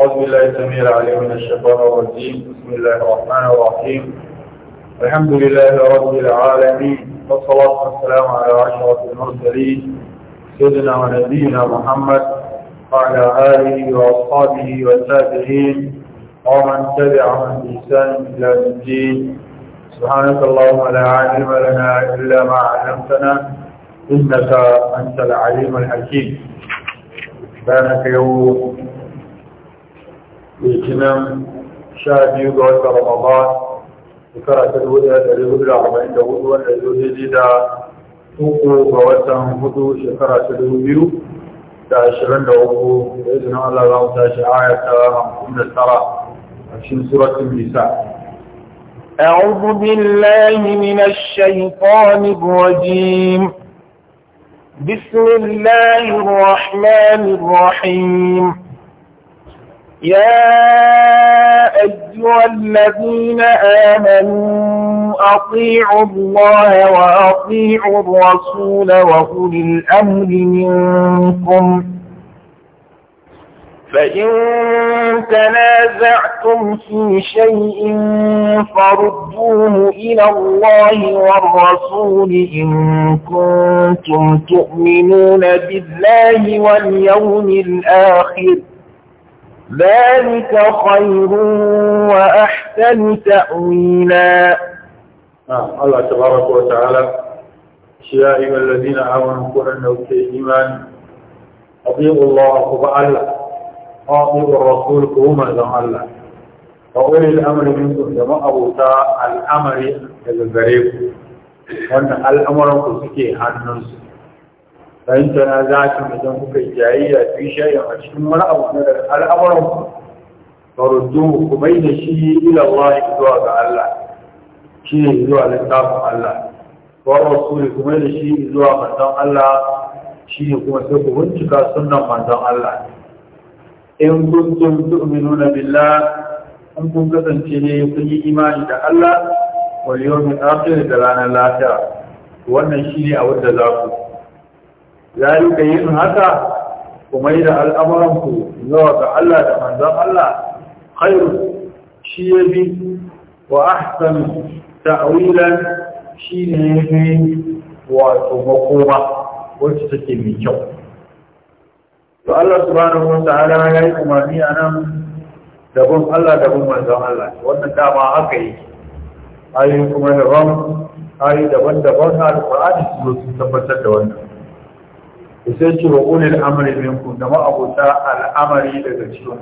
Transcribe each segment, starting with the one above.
أعوذ بالله السميع العليم من الشيطان الرجيم بسم الله الرحمن الرحيم الحمد لله رب العالمين والصلاة والسلام على عشرة المرسلين سيدنا ونبينا محمد وعلى آله وأصحابه والتابعين ومن تبعهم بإحسان إلى الدين سبحانك اللهم لا علم لنا إلا ما علمتنا إنك أنت العليم الحكيم سبحانك يوم الاهتمام شاهد يوضع رمضان وكرة الوضع الذي يوضع عند وضوء الذي يوضع جدا توقو فوسم شكرة الوضوء تأشر عنده بإذن الله لا تأشر آية من السرع عشان سورة النساء أعوذ بالله من الشيطان الرجيم بسم الله الرحمن الرحيم يا أيها الذين آمنوا أطيعوا الله وأطيعوا الرسول وأولي الأمر منكم فإن تنازعتم في شيء فردوه إلى الله والرسول إن كنتم تؤمنون بالله واليوم الآخر ذلك خير وأحسن تأويلا نعم الله تبارك وتعالى يا أيها الذين آمنوا قلنا إيمان أطيعوا الله الله وأطيعوا الرسول كوما زم الله وأولي الأمر منكم جماعة أبوتا الأمر الغريب وأن الأمر كسكي عنه fahimta na za ta idan kuka yi jayayya fi shayin a cikin wani abu na daga al'amuran faruddu ku bai da shi ila Allah zuwa ga Allah shi ne zuwa littafin Allah wa rasuli ku bai da shi zuwa manzon Allah shi ne kuma sai ku bincika sunnan manzon Allah in kuntum tu'minuna billah in kun kasance ne kun yi imani da Allah wal yawmil akhir da ranar lafiya wannan shine abin da za ku ذلك yin haka kuma yi da al'amuranku zuwa ga Allah da manzan Allah khairu shi ya bi wa ahsan ta'wilan shi ne ya fi wato makoma wacce take mai kyau to Allah subhanahu wa ta'ala ya yi umarni a nan dabon Allah dabon manzan Allah wannan dama haka yi ayoyi kuma daban ayoyi daban-daban na alƙur'ani su tabbatar da wannan da sai ce wa ulil amri minkum da ma'abuta al'amari daga cikin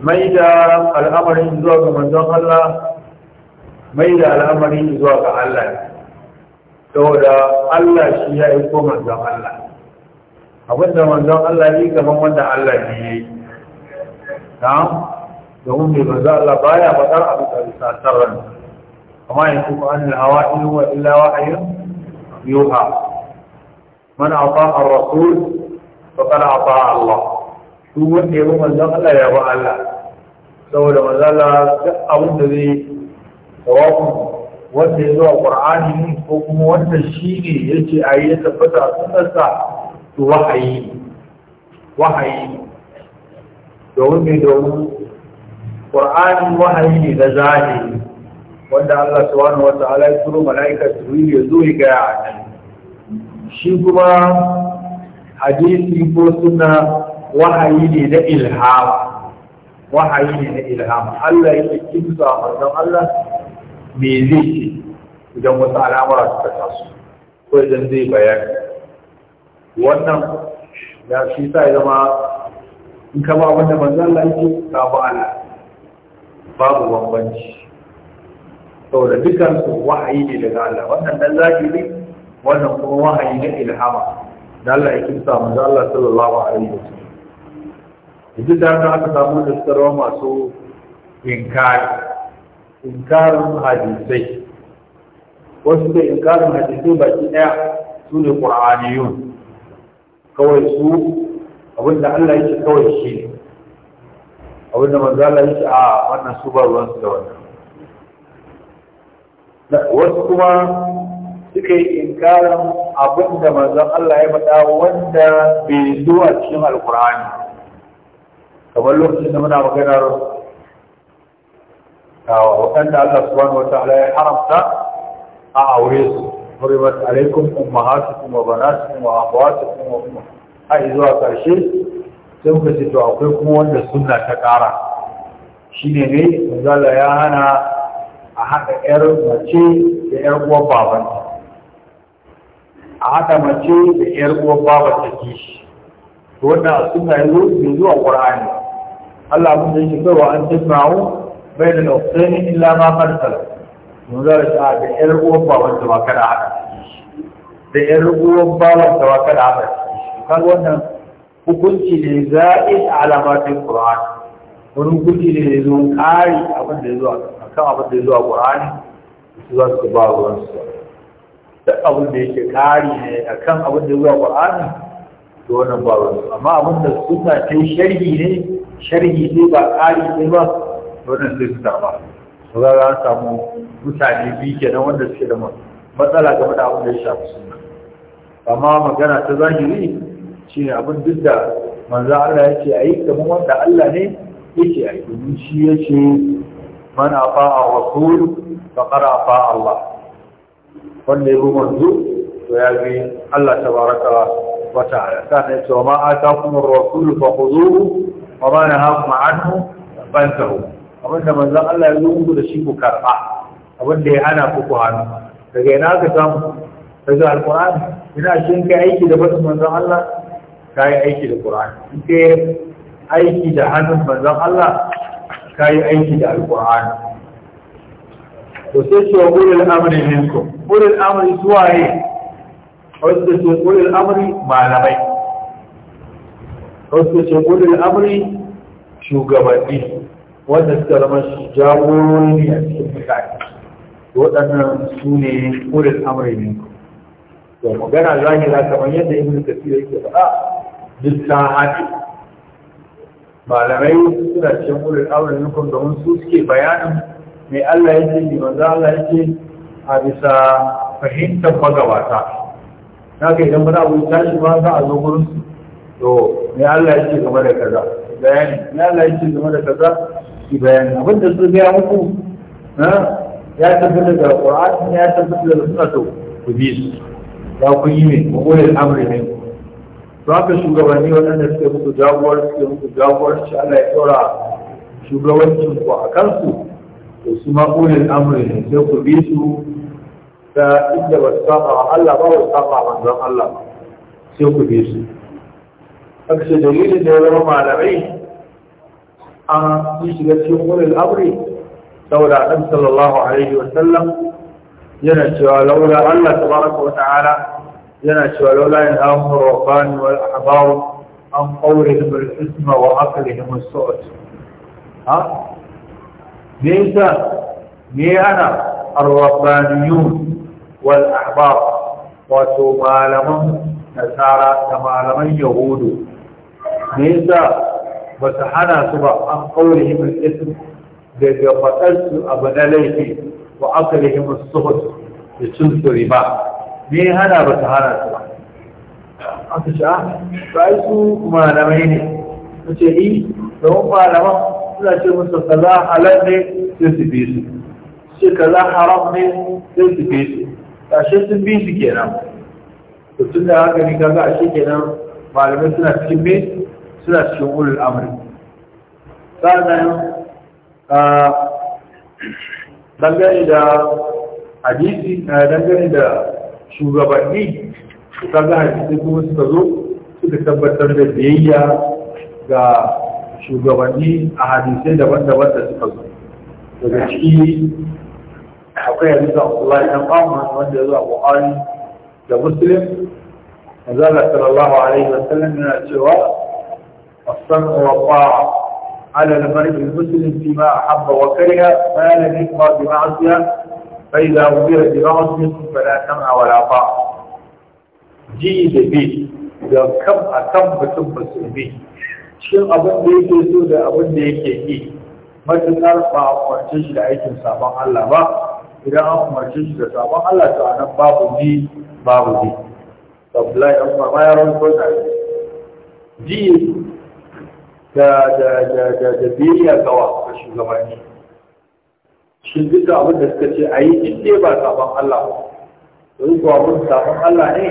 mai da al'amarin zuwa ga manzon Allah mai da al'amarin zuwa ga Allah saboda Allah shi ya yi ko manzon Allah abinda manzon Allah yi gaban wanda Allah ne ya yi ta domin mai manzon Allah baya fadar abu da bisa sarran amma yanzu ko an hawa ilu wa illa wa'ayin yuha man ata ar-rasul faqad ata Allah duk wanda ya bi manzon Allah ya bi Allah saboda manzon Allah duk da zai rawu wanda ya zuwa a ko kuma wanda shi ne a ayi ya tabbata a sunnarsa su wahayi wahayi domin mai domin wahayi ne na zahiri wanda Allah subhanahu wa ta'ala ya turo mala'ika yi ya zo ya gaya a nan shi kuma hadisi ko suna wahayi ne na ilham wahayi ne na ilham Allah yake zuwa manzon Allah me zai ce idan wasu al'amura suka taso ko idan zai bayani wannan ya shi sa ya zama in ka ba wanda manzon Allah yake ka ba Allah babu bambanci saboda dukansu wahayi ne daga Allah wannan dan zaki ne wannan kuma wahayi na ilhama da Allah ya kimsa manzo Allah sallallahu alaihi wasallam idan da aka samu da daskarwa masu inkari inkarin hadisai wasu da inkarin hadisai baki daya su ne qur'aniyun kawai su abinda Allah yake kawai shi ne abinda manzo Allah yake a wannan su ba ruwan su da wannan wasu kuma suka yi inkarin abin da mazan Allah ya faɗa wanda bai zo a cikin alkur'ani kamar lokacin da muna maganar waɗanda Allah su wata ala ya haramta a aure su hurimat alaikum ummahatukum wa banatukum wa akhawatukum kuma kuma. ai zuwa ƙarshe, sun to akwai kuma wanda sunna ta ƙara shine ne zala ya hana a haɗa 'yar mace da 'yar uwar babanta a haɗa mace da ‘yar uwar baba ta kishi to wanda suna yi bai zuwa Qur'ani. Allah mun yi yake kaiwa an tattawo bai da ɗaukani illa ma farsala mun za da sha'a da ‘yar uwar baba ta ba kada haɗa da ‘yar uwar baba ta ba kada haɗa kan wannan hukunci ne za'id alamatin Qur'an. wani hukunci ne da zo abin da ya zuwa, a kan abin da ya zuwa a su za su ba ruwansu duk abin da yake kari ne a kan abin da zuwa ƙwa'ani, to wannan ba wani amma abin da suna ce sharhi ne sharhi ne ba kari ne ba wannan sai su tarba su ga an samu mutane biyu kenan wanda suke da matsala game da abin da ya shafi suna. amma magana ta zahiri shi ne abin duk da manzan Allah yake yi, kamar wanda Allah ne yake yi, domin shi yake ce, mana a rasul faqara fa'a Allah wanda ya manzo to ya bi Allah ta baraka wa ta'ala kana cewa ma atakum ar-rasul fa khudhuhu wa ma nahakum anhu fantahu abinda manzon Allah ya zo muku da shi ku karba abinda ya hana ku ku hannu daga ina ka samu daga alqur'ani ina shin kai aiki da fadin manzon Allah kai aiki da qur'ani in kai aiki da hannun manzon Allah kai aiki da alqur'ani to sai ce wa ulul amri minkum ulul amri suwaye wasu da ce ulul amri malamai wasu da ce ulul amri shugabanni wanda suka zama jagorori ne a cikin mutane waɗannan su ne ulul amri ne to magana zahira kamar yadda ka kasir yake faɗa duk ta haɗe malamai suna cikin ulul amri ne kuma domin su suke bayanin mai Allah yake ne manzo Allah yake a bisa fahimtar magabata na ga idan wani abu shi ba za a zo gurin to ne Allah yake game da kaza bayani ne Allah yake game da kaza ki bayani abin da su gaya muku na ya tabbata da Qur'ani ya tabbata da sunna to ku bi su ya ku yi ne ku koyi amri ne to haka shugabanni waɗanda suke muku jagowar suke muku jagowar shi Allah ya tsora shugabancin ku a kansu to su ma ulil amri ne sai ku bi su ta inda ba su saba wa Allah ba ba su saba manzon Allah sai ku bi su haka ce dalilin da ya zama malamai an yi shiga cikin ulil amri saboda annabi sallallahu alaihi wa sallam yana cewa laula Allah tabaraka wa ta'ala yana cewa laula in amur rabban wal ahbar an qawlihim al isma wa aqlihim as-su'd ha me yasa me yana arwabaniyun wal ahbar wato malaman nasara da malaman yahudu me yasa ba su hana su ba an kaure himin isim daga faɗarsu abu na laifi wa aka da himin suhud da cin su riba me hana ba su hana su ba aka sha ah, ba su malamai ne ta ce yi eh, don malaman suna ce musu kaza halal ne sai su bi su ce kaza haram ne sai su bi su ashe sun bi su kenan to tun da haka ne kaga ashe kenan malamai suna cikin me suna cikin wurin amri sannan dangane da hadisi dangane da shugabanni kaga hadisi kuma suka zo suka tabbatar da biyayya ga shugabanni a hadisai daban-daban da suka zo daga ciki akwai hadisa Allah ya kama wanda ya zo a Buhari da Muslim Manzala sallallahu alaihi wa sallam yana cewa as-sam'u wa ta'a ala al-mar'i al-muslim fima ahabba wa kariha ma la yuqad bi ma'siyah fa idha ubira bi ma'siyah fala sam'a wa la ta'a ji da bi da kam akan mutum musulmi cikin abin da yake so da abin da yake yi matuƙar ba a umarce shi da aikin sabon Allah ba idan an umarce shi da sabon Allah to anan babu ji babu ji Abdullahi dan Umar ma ya ranko da ji da da da da da biyayya ga shugabanni shi duka abin da suka ce a in dai ba sabon Allah ba to kuwa abin sabon Allah ne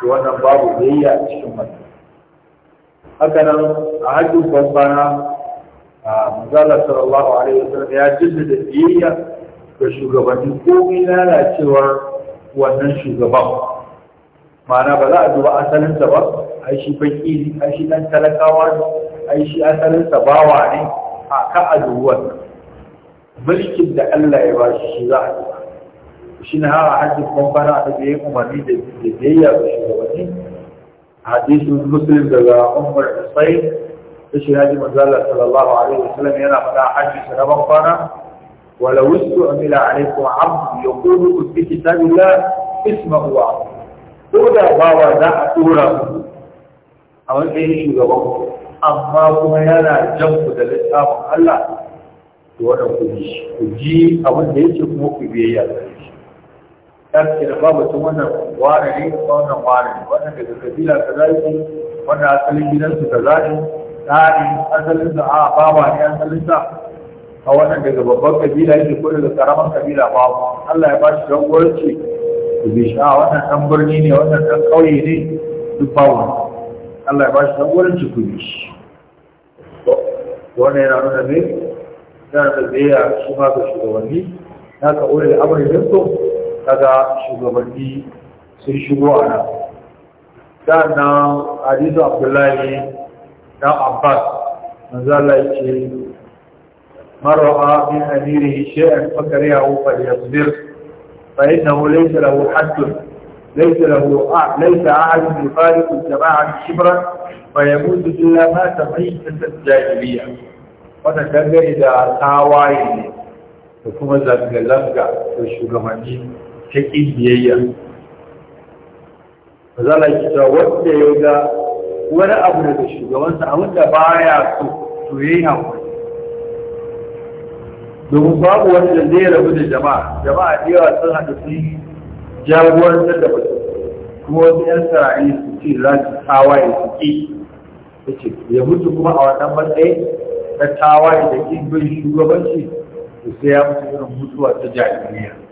to wannan babu biyayya cikin mutum Hakanan a hajjin bambana a manzala sallallahu a wasallam ya jinda da biyayya ga shugabanni komai lalacewar wannan shugaban ma'ana ba za a duba asalinsa ba a shi baki ne a shi dan talakawa ne a shi asalinsa bawa ne a ka a dubi mulkin da Allah ya ba shi shi za a duba shi na hawa hajjin bambana da biyayya umarni da biyayya ga shugabanni حديث مسلم دغا أم الصيد اشي هذه مزاله صلى الله عليه وسلم يرى فدا حج سبب قرا ولو است عمل عليك عبد يقول قدك تاب الله اسمه هو قد باوا ذا طورا او ايه شو غبو اما هو يرى جنب الله هو ده كل شيء كل شيء او في بيها ta ce da babu tun wannan ware ne wannan ware ne wannan daga kabila ka zai wannan asalin gidansu ka zai tsarin asalinsa a bawa ne asalinsa a wannan daga babban kabila yake ko daga karaman kabila ba Allah ya bashi don jagoranci da bi sha wannan dan birni ne wannan dan kauye ne duk ba Allah ya bashi jagoranci ku bi shi wannan yana nuna ne yana da zai ya shi ma ga shugabanni na ka ure da amurka din kaga shugabanni sun shigo a nan sannan hadisu abdullahi dan abbas manzala ya ce mara'a min amirihi shay'an fakariyahu falyasbir fa innahu laysa lahu haddun ليس له أع... ليس أحد يفارق الجماعة شبرا فيموت إلا مات ميتة الجاهلية ونتنجر إذا تاواي وكما زنجلنجا في الشغمانين ta ƙibiyayya ba za a cewa wanda ya ga wani abu daga shugabansa a wanda ba ya so to ya yi hankali domin babu wanda zai rabu da jama'a jama'a da yawa sun haɗu sun jagorantar da mutum kuma wasu 'yan sarari su ce za su tawaye su ƙi ya ce ya mutu kuma a wannan matsayin, na tawaye da ƙin bin shugabanci to sai ya mutu irin mutuwa ta jahiliya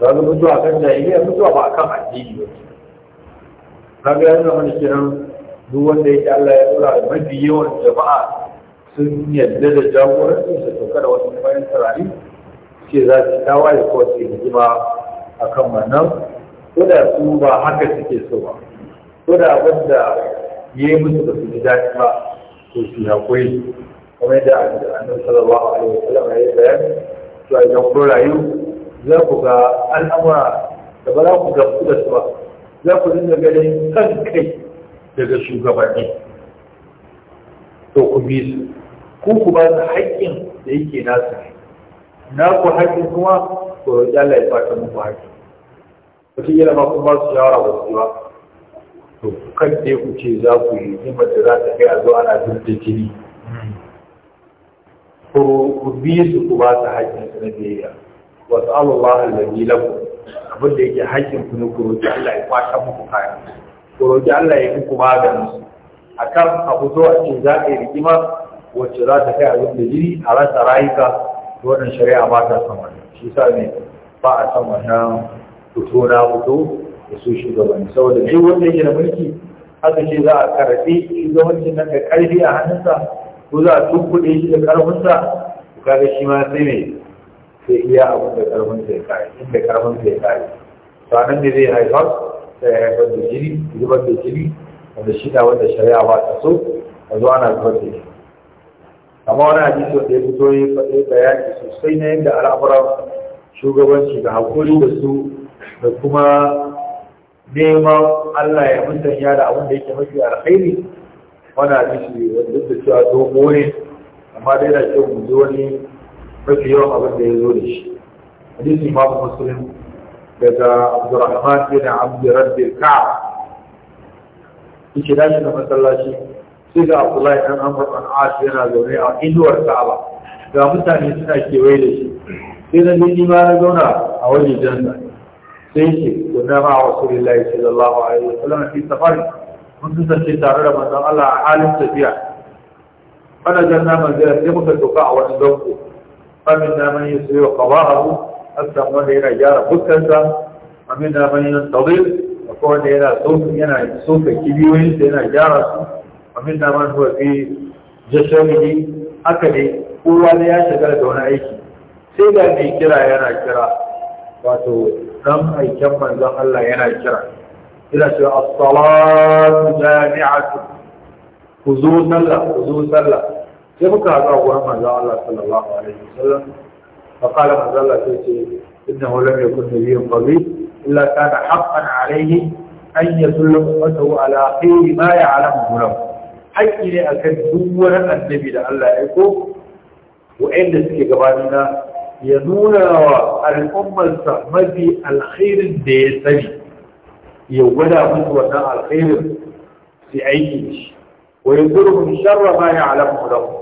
zaga mutuwa kan jahiliya mutuwa ba kan addini ba ga yanzu mana kiran duk wanda yake Allah ya tura da mafi yawan jama'a sun yadda da jagorancin su to da wasu bayan turare ke za su tawaye ko su a akan wannan ko da su ba haka suke so ba ko da wanda ya yi musu ba su ji daɗi ba to su haƙuri kamar yadda annabi sallallahu alaihi wasallam ya yi bayani to a idan ko rayu za ku ga al'amura da ba za ku ga da su ba za ku dinga ganin kan kai daga shugabanni to ku bi su ku ku ba su haƙƙin da yake nasu ne na ku haƙƙin kuma ku roƙi Allah ya fata muku haƙƙi wata yana ma kuma su shawara ba su ba to kan dai ku ce za ku yi himar da za ta kai a zo ana zurta jini hmm. ku bi su ku ba su haƙƙin su na biyayya wa sallallahu alaihi lakum abin yake haƙƙin ku ne ku roƙi Allah ya kwata muku kayan. ku roƙi Allah ya muku magani akan abu zo a ce za ka yi rigima wacce za ta kai abin da jiri a rasa rayuka da wannan shari'a ba ta san wannan shi sa ne ba a san wannan fito na fito da su shugabanni saboda duk wanda yake da mulki haka ce za a karaɗe shugabancin nan da ƙarfi a hannunsa ko za a tunkuɗe shi da ƙarfinsa kaga shi ma sai ne sai iya abin da karfin sai kare inda karfin sai kare to nan ne zai haifar sai haifar da jini zubar da jini wanda shi da wanda shari'a ba ta so a zuwa na zubar da jini amma wani hadisi wanda ya fito ya faɗi bayani sosai na yadda al'amuran shugabanci da hakuri da su da kuma neman Allah ya musanya da abin da yake mafi alkhairi wani hadisi wanda duk da cewa dogo ne amma dai da kyau mu ji wani mafi yawan abin da ya zo da shi hadisi imamu musulun daga abdurrahman bin abdi rabbi ka'ab yake dashi da masallaci sai ga abdullahi dan amr an as yana zaune a inuwar ka'aba ga mutane suna kewaye da shi sai na ni ma na zauna a wajen janna sai ko na ma rasulullahi sallallahu alaihi wasallam fi safari mun kasance tare da manzon Allah a halin tafiya ana janna manzon sai muka doka a wani zango فمنا من يسير قضاءه حتى من هنا جار بكتا ومنا من ينتظر وكون هنا صوف هنا صوف كبير هنا جار ومنا من هو في جسمه أكده قوة ليا شكرا دون أي شيء سيدا دي كرا هنا كرا فاتو نم أي كم من ذا خلا هنا كرا إذا شو الصلاة جامعة خذوا صلى خذوا صلى sai muka haɗu a gurin manzon Allah sallallahu alaihi wasallam fa qala manzon Allah sai ce innahu lam yakun nabiyyan qabli illa kana haqqan alaihi an yasulla ummatahu ala khayri ma ya'lamu lahu haƙƙi ne akan duk wani annabi da Allah ya aiko wa'anda suke gabanina ya nuna wa al'ummarsa mafi alkhairin da ya sani ya gwada musu wannan alkhairin su aiki da shi wa ya zurfin sharra ma ya alamu da ku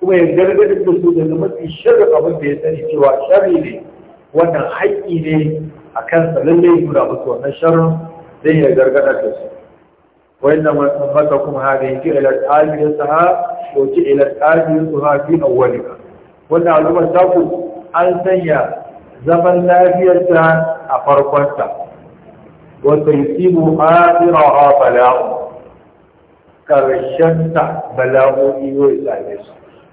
kuma ya gargadin da su daga mafi shirin abin da ya sani cewa sharri ne wannan haƙƙi ne a kansa lallai nuna musu wannan shirin. zai ya gargaɗa da su al'ummar أمتكم ku an sanya zaman آلهتها في أولها وإن علومة تقول أن سنيا زمن نافيتها أفرقتها وسيصيب آخرها بلاء كرشنت ya إيوه إسانيس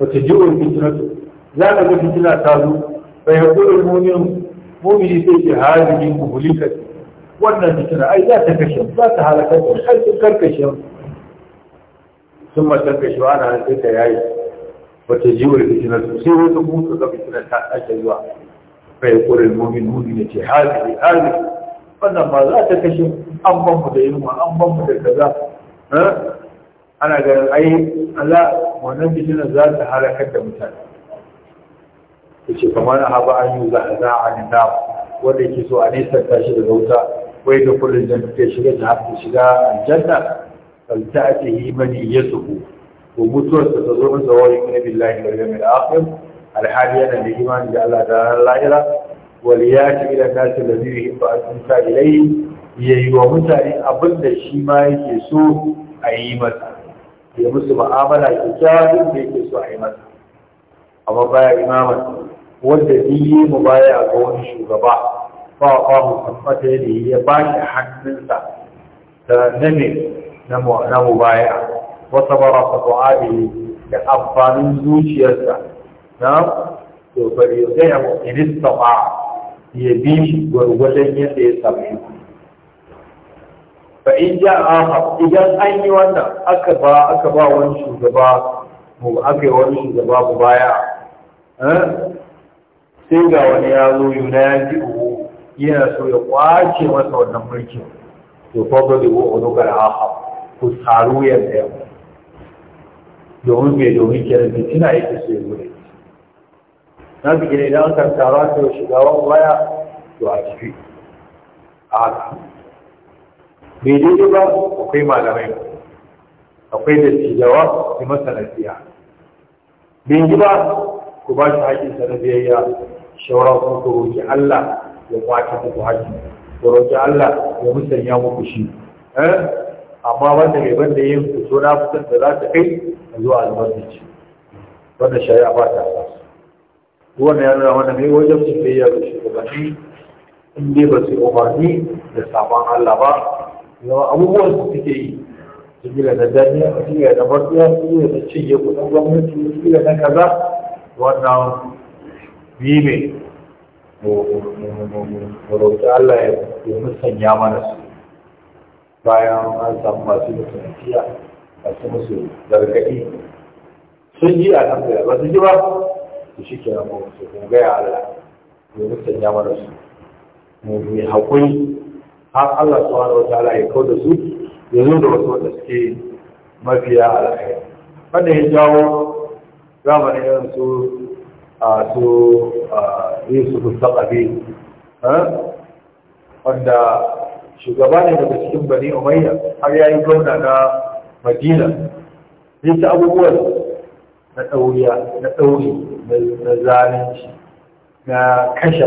wata jiwon fitinatu za ka ga fitina ta zo bai haƙurin mumin mumini sai ce hajji ku bulikati wannan fitina ai za ta kashe za ta halakar da ƙarfin karkashe sun matan kashe wa na hantar ta yayi wata jiwon fitinatu sai wata mutu ga fitina ta ake zuwa bai haƙurin mumin mumini ce hajji hajji wannan ba za ta kashe an ban mu da yunwa an ban da kaza ana ganin ai ala wannan fitinar za ta halakar da mutane ta ce kamar na haɓa an yi za'a a nina wanda ke so a nisan tashi daga wuta wai da kullum da ta shiga da haɗa shiga aljanna falta a ce yi mani ya suku ko mutuwarsa ta zo masa wani kuma billahi wal yawmil akhir alhali yana da imani da Allah da ranar lahira wal yati ila nasi ladhi yuhibbu an tunta ilayhi yayi wa mutane abin da shi ma yake so a yi masa ya musu ma'amala kyakkyawa duk da yake so a yi masa amma baya imaman wanda biye mu baya ga wani shugaba fa fa mu tabbata ne ya ba shi hannunsa ta name na mu baya wata bara fa tu'abi da amfanin zuciyarsa na to bari ya ga mu in istaba ya bi shi gwargwadon yadda ya same shi fa in ja aha idan an yi wannan aka ba aka ba wani shugaba mu aka yi wani shugaba mu baya eh? sai ga wani ya zo yuna ya ji uku yana so ya kwace masa wannan mulkin to fa ba da wo ono gar aha ku saru ya da domin me domin kiran fitina yake so ya gure na bi idan an karkara to shugaba baya to a ciki a haka bai daidai ba akwai malamai akwai da tijawa da masanasiya bai yi ba ku ba shi haƙinsa na biyayya shauran kuma ku roƙi Allah ya kwace muku haƙi ku roƙi Allah ya musanya muku shi eh? amma wanda mai banda yin so na fitar da za ta kai a zuwa albarkaci wanda shari'a ba ta sa wannan ya nuna mana mai wajen su biyayya ga shugabanni in dai ba su umarni da sabon Allah ba zama abubuwan su suke yi gina da daniya sigila da barkiya sigila da cinye kudin gwamnati gina na kaza wannan biyu ne mu roƙi Allah ya domin sanya mana su bayan an samu masu a masu musu gargaɗi sun ji a kan da ba su ji ba su shi kenan ba su gaya Allah domin sanya mana su mu yi haƙuri har Allah subhanahu wa ta'ala ya kauda su ya zo da wasu wanda suke mafiya alkhairi Wanda ya jawo zamanin irin su a su Yusuf Saqafi wanda shugaba ne daga cikin Bani Umayya har yayi gwamna na Madina yake abubuwan na ɗauriya na ɗauri na zalunci na kashe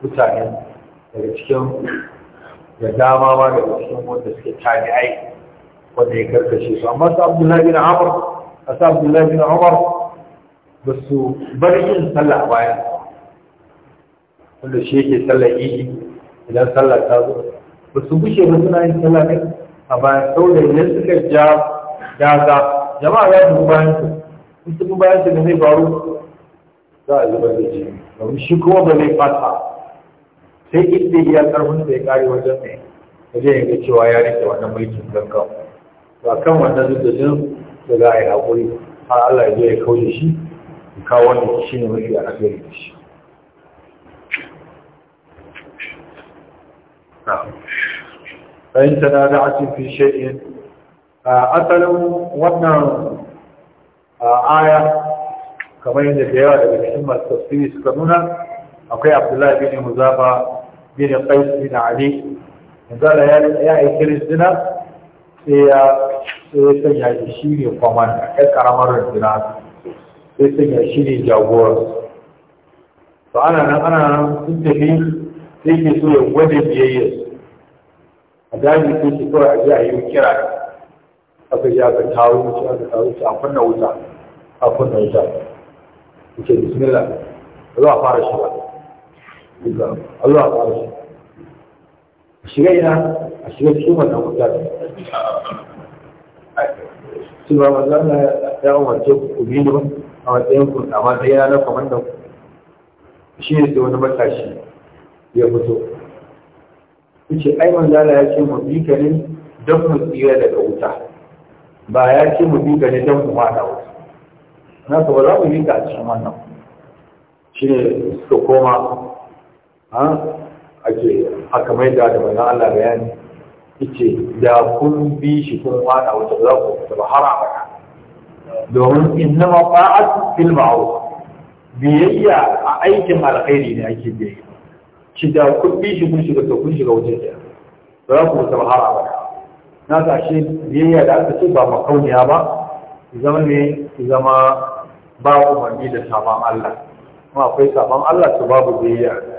mutane daga cikin da dama ma da cikin wanda suke tabi'ai wanda ya karkashe su amma su abdullahi bin amur a su abdullahi bin amur ba su bar yin sallah bayan wanda shi yake sallar yi idan sallah ta zo ba su bushe ba suna yin sallah ne a bayan saboda idan suka ja daga jama'a ya dubi bayan su in su bayan su ne zai faru za a zubar da jini domin shi kuma ba zai fata sai inda ya karfin da ya kare wajen ne wajen ya ga cewa ya rike wannan mulkin gangan ba kan wannan zuddajin da za a yi haƙuri har Allah ya zo ya kauce shi ya kawo wanda shi ne mafi a rafiyar da shi fahimta na da ake fi shaɗin asalin wannan aya kamar yadda da yawa daga cikin masu tafsiri suka nuna akwai abdullahi bin muzafa بن قيس بن علي قال يا يا كريستنا يا سيدنا الشيخ يقمن اكثر امر الدين سيدنا الشيخ جابور فانا انا انا كنت في في سوره ودي بيي اجاني في سوره اجا يوكرا اكو يا بتاو مش انا بتاو افن وجا افن وجا بسم الله الله فارش الله Allah ya ƙara shi shiga ina a shiga cikin wannan wuta su ba ma zana ya umarce ku biyu ba a matsayin ku a matsayin na kwamandan shi ne da wani matashi ya fito ce ai manzala ya ce mu bi ka ne don mu tsira daga wuta ba ya ce mu bi ka ne don mu mata wuta na ka ba za mu yi ka a cikin wannan shi ne su koma ake aka mai da da manzan Allah bayani yace da kun bi shi kun wada wata za ku ta ba har abada domin inna ma fa'at fil ma'ruf biyayya a aikin alkhairi ne ake biyayya shi da kun bi shi kun shiga to kun shiga wajen da za ku ta ba har abada na ga shi biyayya da aka ce ba makauniya ba zama ne zama ba umarni da saban Allah kuma akwai saban Allah to babu biyayya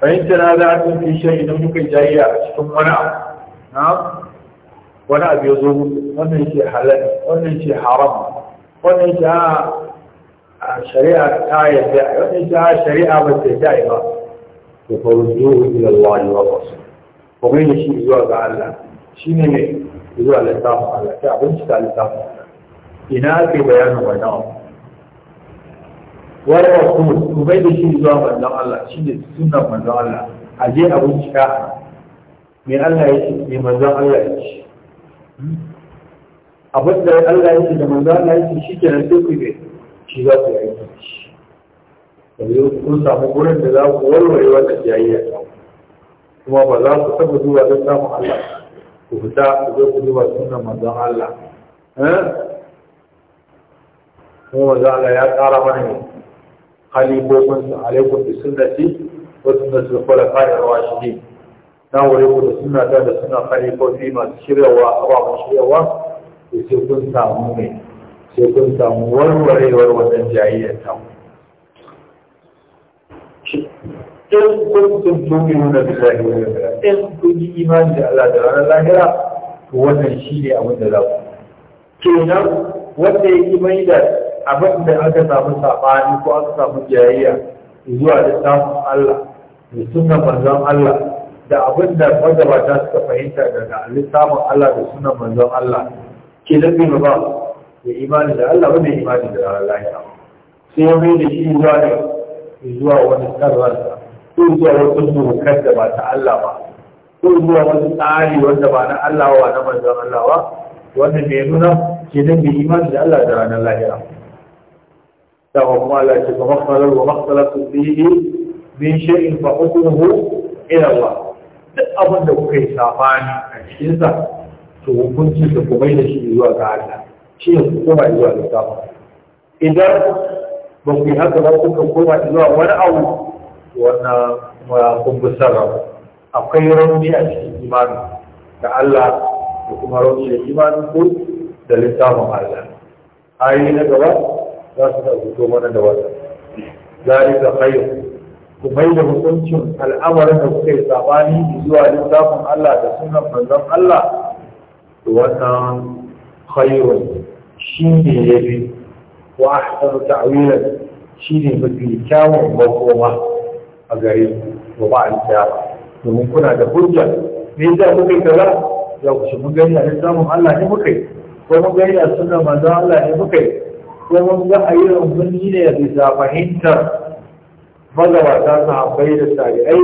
فإن تنازعت في شيء منك جاية أشكم ونا نعم ونا بيضوه ونا حلال ونا يشي حرام ونا يشي شريعة آية جاية ونا يشي شريعة بس جاية فردوه إلى الله والرسول ومين يشي إذوال على شنين إذوال لتاهم على كعب إنشتا لتاهم على إناك بيان ونام wani rasul ku bai da shi zuwa manzon Allah shi ne sunan manzon Allah a je a bincika me Allah ya ce me manzon Allah ya ce abin da Allah ya ce da manzon Allah ya ce shi ke nan sai ku shi za ku yi aiki shi yanzu kun samu gurin da za ku warware wannan jayayya kuma ba za ku taɓa zuwa don samun Allah ku fita ku zo ku zuwa sunan manzon Allah eh? kuma manzon Allah ya tsara mana ne khalifofinsu alaikum bi sunnati wa sunnatul khulafa'ir rashidin na wuri ku da sunnata da suna khalifofi masu shiryawa a ababen shiryawa to sai kun samu ne sai kun samu warwarewar wannan jayayyar ta in kuntum tu'minuna billahi wal yawmil akhir in kun yi imani da Allah da ranar lahira to wannan shine abin da za ku kenan wanda ya yi mai da abin da aka samu sabani ko aka samu jayayya zuwa littafin Allah da sunan manzon Allah da abin da magabata suka fahimta daga littafin Allah da sunan manzon Allah ke lafi ba da imani da Allah wani imani da Allah sai ya mai da shi zuwa ne zuwa wani tsarwarsa ko zuwa wasu dokar da ba ta Allah ba ko zuwa wani tsari wanda ba na Allah wa na manzon Allah ba wanda ne nuna ke nan bi imani da Allah da ranar lahira dama kuma Allah ce fa makhtalar wa makhtalatu fihi min shay'in fa hukmuhu ila Allah duk abin da kuka yi sabani a cikinsa, sa to ku da kuma da shi zuwa ga Allah shi ne ku koma idan ba haka ba kuka koma zuwa wani abu wannan kuma kun a akwai rauni a cikin imani da Allah da kuma rauni da da littafin Allah na gaba za su da fito mana da wata da khayr ku mai da hukuncin al'amarin da kuka yi sabani zuwa littafin Allah da sunan manzon Allah to wannan khayrun shi ne ya yafi wa ahsanu ta'wilan shi ne mafi kyawun makoma a gare ku ba al domin kuna da hujja me yasa kuka yi kaza ya ku shi mun gani a littafin Allah ne muka yi ko mun gani a sunan manzon Allah ne muka yi ko mun ga ayyukan sun yi ne bisa fahimtar magabata sahabbai da tabi'ai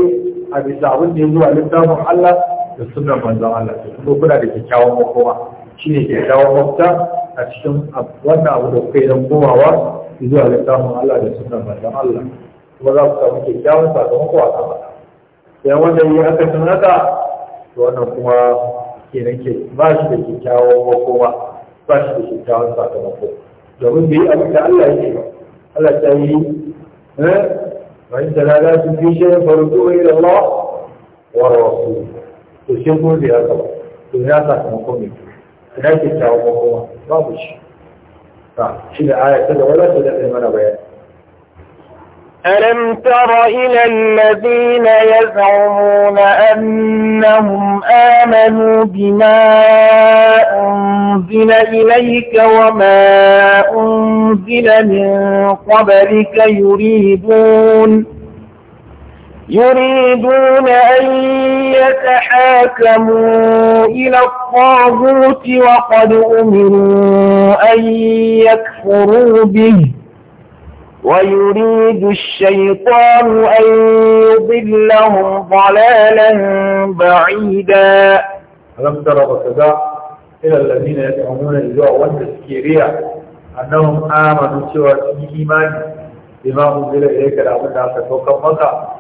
a bisa abin da ya zuwa littafin Allah da sunan manzon Allah kuma kuna da kyakkyawan makoma shine kyakkyawan mafita a cikin wannan abu da kai don komawa zuwa littafin Allah da suna manzon Allah kuma za ku samu kyakkyawan sakamako a sama ya wanda yi aka tun haka to wannan kuma kenan ke ba shi da kyakkyawan makoma ba shi da kyakkyawan sakamako يقول به أبدا ألا يجيبه ألا تأيه وإن دلالات في شيء فردوه إلى الله والرسول تسيبه في هذا الله تنياتك مقومك تنياتك تعوى مقومة ما بشي فشيل نعم. آية تدعو لا ألم تر إلى الذين يزعمون أنهم آمنوا بما أنزل إليك وما أنزل من قبلك يريدون يريدون أن يتحاكموا إلى الطاغوت وقد أمروا أن يكفروا به ويريد الشيطان أن يضلهم ضلالا بعيدا ألم ترى وكذا إلى الذين يدعون الجوع والتسكيرية أنهم آمنوا سوى في إيمان بما أنزل إليك لأبدا فتوقع مكة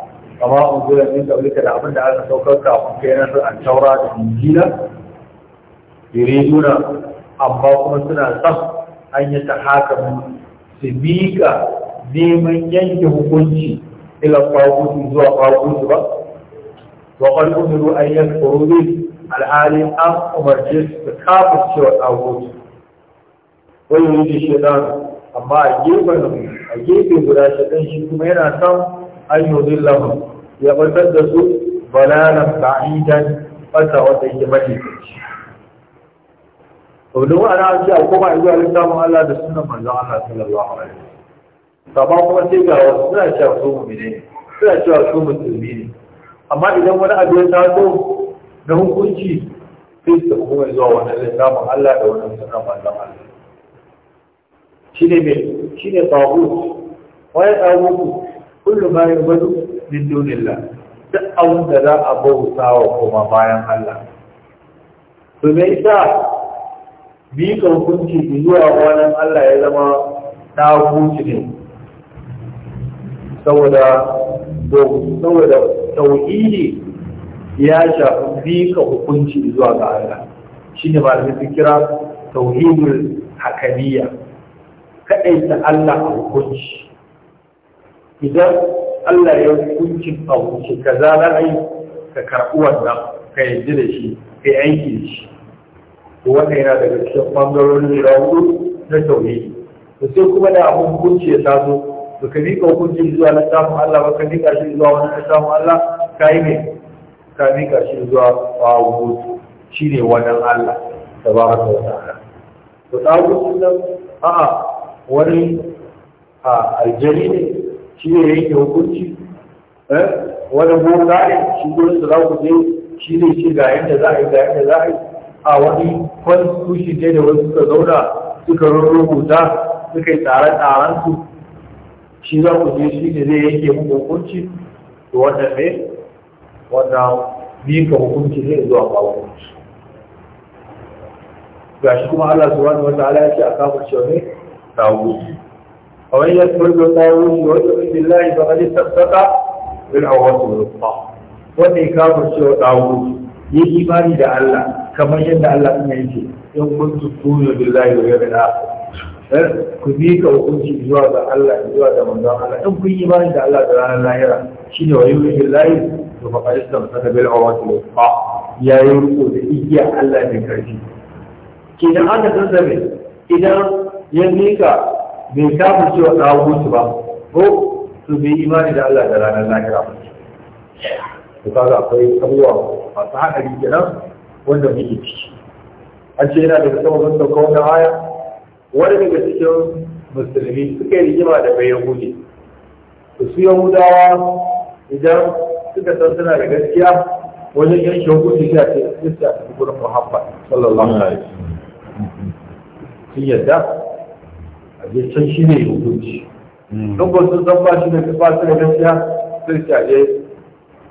وما أنزل من قبلك لأبدا فتوقع مكينة التوراة الإنجيل يريدون أما كما سنة أن يتحاكموا su miƙa neman yanke hukunci ila kwakutu zuwa kwakutu ba wa ƙarfin an yankuru ne alhalin an umarce su kafin cewa kwakutu wani yi shaidan amma a gefen a gefe guda shaidan shi kuma yana son an yi ya batar da su balalan ba'idan ɓata wata yake mafi to duk ana an ce a koma zuwa littafin Allah da sunan manzon Allah sallallahu alaihi wasallam amma kuma sai ga wasu suna cewa su mu'mini ne suna cewa su musulmi ne amma idan wani abu ya taso na hukunci sai su kuma zuwa wani littafin Allah da wani sunan manzon Allah Shi me babu, waye wai ku? kullu ma yubadu min dunillah duk abin da za a bauta wa kuma bayan Allah to me yasa miƙa hukunci zuwa wannan Allah ya zama ta hukunci ne saboda saboda tauhidi ya shafi miƙa hukunci zuwa ga Allah shine ba da kira tauhidul hakaniya ta Allah a hukunci idan Allah ya hukunci a hukunci kaza za a yi ka karɓi wannan ka yarda da shi ka yi aiki da shi to wannan yana daga cikin bangarorin da hudu na tauhidi to sai kuma da abun hukunci ya taso to ka miƙa hukunci zuwa na samun Allah ba ka miƙa shi zuwa wani na samun Allah ka yi ne ka miƙa shi zuwa tawutu shi ne wannan Allah da ba ka wata to tawutu nan a'a wani a aljani ne shi ne yake hukunci eh, wani boka ne shi gurin da za ku je shi ne shi ga yadda za a yi ga yadda za a yi a wani constitution ne da wasu suka zauna suka rubuta suka yi tsare-tsaren su shi za ku je shi ne zai yanke muku hukunci to wanda ne wannan ka hukunci zai zuwa ba hukunci ga shi kuma Allah subhanahu wa ta'ala ya ce a kafin shi ne a wani ya tsoro da tawo shi wata billahi ba kadi tabbata bil a wasu qah wanda ya kafin shi hukunci yi imani da Allah kamar yadda Allah kuma yake in kuntu tuyo billahi wa yawmil akhir eh, ku bi ka hukunci zuwa ga Allah zuwa ga manzon Allah in kun yi bani da Allah da ranar lahira shine wa yawmil billahi to fa qad istamsaka bil awati wa ya yi ruku da igiya Allah ne karfi kidan aka zazzabe idan ya mika bai kafa cewa dawo ba ko to bai imani da Allah da ranar lahira ba to kaga akwai abubuwa masu haɗari kenan wanda muke ciki an ce yana da sababin dauka wannan aya wani daga cikin musulmi suka yi rigima da bai yahudi to su yahudawa idan suka san suna da gaskiya wajen yanke hukunci sai ya ce iska ta gurin muhammad sallallahu alaihi wasallam sun yadda a je can shi ne hukunci don ba sun san ba shi ne ba su da gaskiya sai a je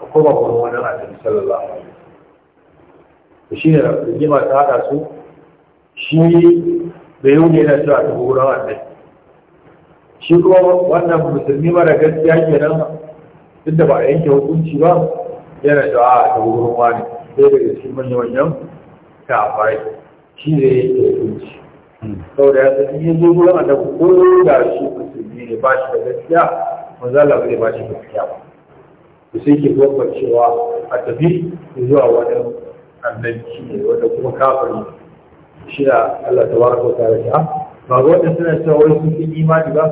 a koma gurin wani annabi sallallahu alaihi da shi da rigima ta haɗa su shi da yau ne yana cewa ta horon annai shi kuma wannan musulmi mara gaskiya kenan duk da ba a yanke hukunci ba yana cewa a ta horon wani sai daga cikin manya-manyan ta amfani shi ne ya hukunci da ya san yin zo gurin annabi ko da shi musulmi ne ba shi da gaskiya manzo Allah bai ba shi gaskiya ba sai ke gwamnati cewa a tafi zuwa wani annabi shi ne wanda kuma kafiri shi da Allah ta baraka wa ta'ala ta. Ah, ba ga wanda suna cewa wai sun yi imani ba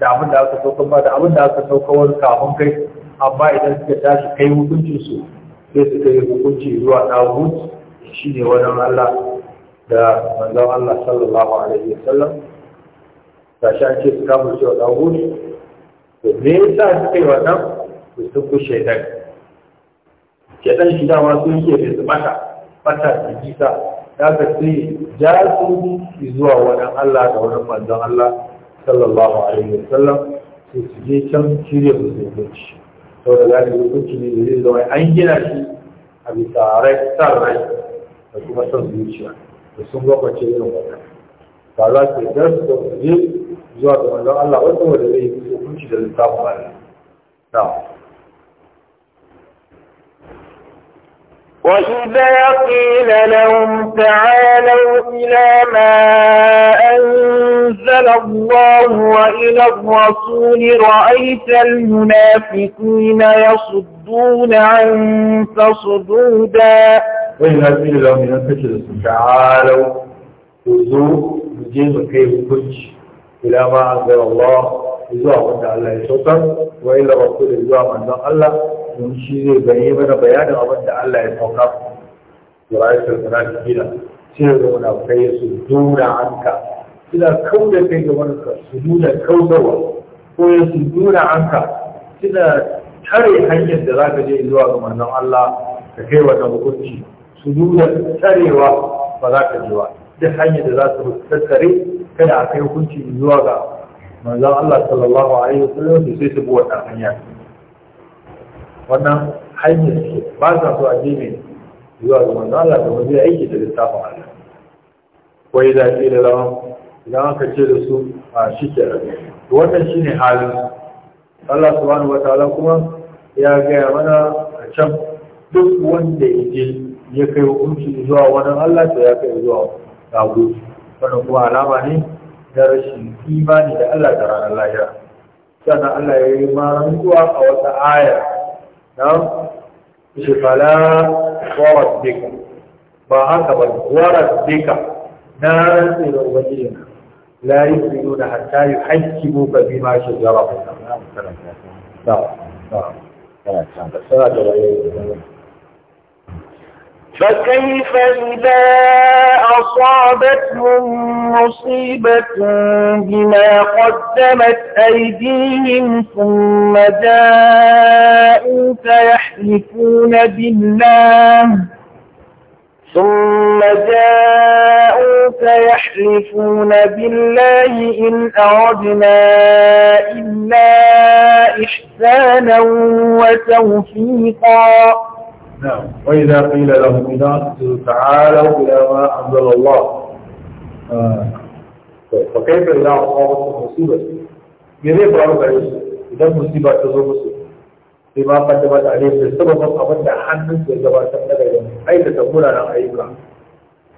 da abin da aka sauka ba da abin da aka sauka wani kafin kai amma idan suka tashi kai hukuncin su sai suka yi hukunci zuwa tagut shi ne wajen Allah da manzon Allah sallallahu alaihi wasallam ta shi an ce su kama cewa tagut to me yasa suka yi wannan su sun kushe dan shi dama sun ke bai su mata fata da kisa ya ka sai ja su zuwa wani Allah da wani manzon Allah sallallahu alaihi wasallam sallam. su je can shirya su sai sau da za ka hukunci ne da zai zama an gina shi a bisa rai san rai da kuma son zuciya da sun gwakwace irin wannan ba za su yarda su da zuwa da manzon Allah wanda wanda zai yi hukunci da littafin ba ne. وإذا قيل لهم تعالوا إلى ما أنزل الله وإلى الرسول رأيت المنافقين يصدون عنك صدودا وإذا قيل لهم منافقين تعالوا وزو مجيب كيف كنت إلى ما أنزل الله إذا الله يسوطا وإلى الرسول إذا أنزل الله Wani shi zai bayyana mana bayanin abin da Allah ya sauka yurayatul munafiqina sai da ya su dura anka suna da kai ga wani su nuna kaudawa ko ya su dura anka suna tare hanyar da za ka je zuwa ga manzon Allah ka kai wata hukunci su nuna tarewa ba za ka je ba duk hanyar da za su tattare kada a kai hukunci zuwa ga manzon Allah sallallahu alaihi wasallam sai su bi wata hanya wannan hanyar su ba sa so a jini zuwa ga manzo Allah da wani aiki da littafin Allah wai da ke da lawan idan aka ce da su a shike da. su wannan shine halin Allah subhanahu wataala kuma ya gaya mana a can duk wanda ya je ya kai hukunci zuwa wani Allah to ya kai zuwa gago wannan kuma alama ne na rashin imani da Allah da ranar lahira sannan Allah ya yi ma zuwa a wata aya na'am shi fala warabbika ba haka ba warabbika na rantsi da ubangiji la yu'minuna hatta yuhaqqimu ka bima shajara bainahum na'am na'am na'am na'am فكيف إذا أصابتهم مصيبة بما قدمت أيديهم ثم جاءوك يحلفون بالله ثم جاءوك يحلفون بالله إن أردنا إلا إحسانا وتوفيقا نعم وإذا قيل لهم إذا تعالوا إلى ما أنزل الله آه. فكيف إذا أصابتهم مصيبة يريد رأيك عيسى إذا مصيبة تزور مصيبة بما قدمت عليه بسبب أبدا حنس وجبات النبي أي تكون أنا أيك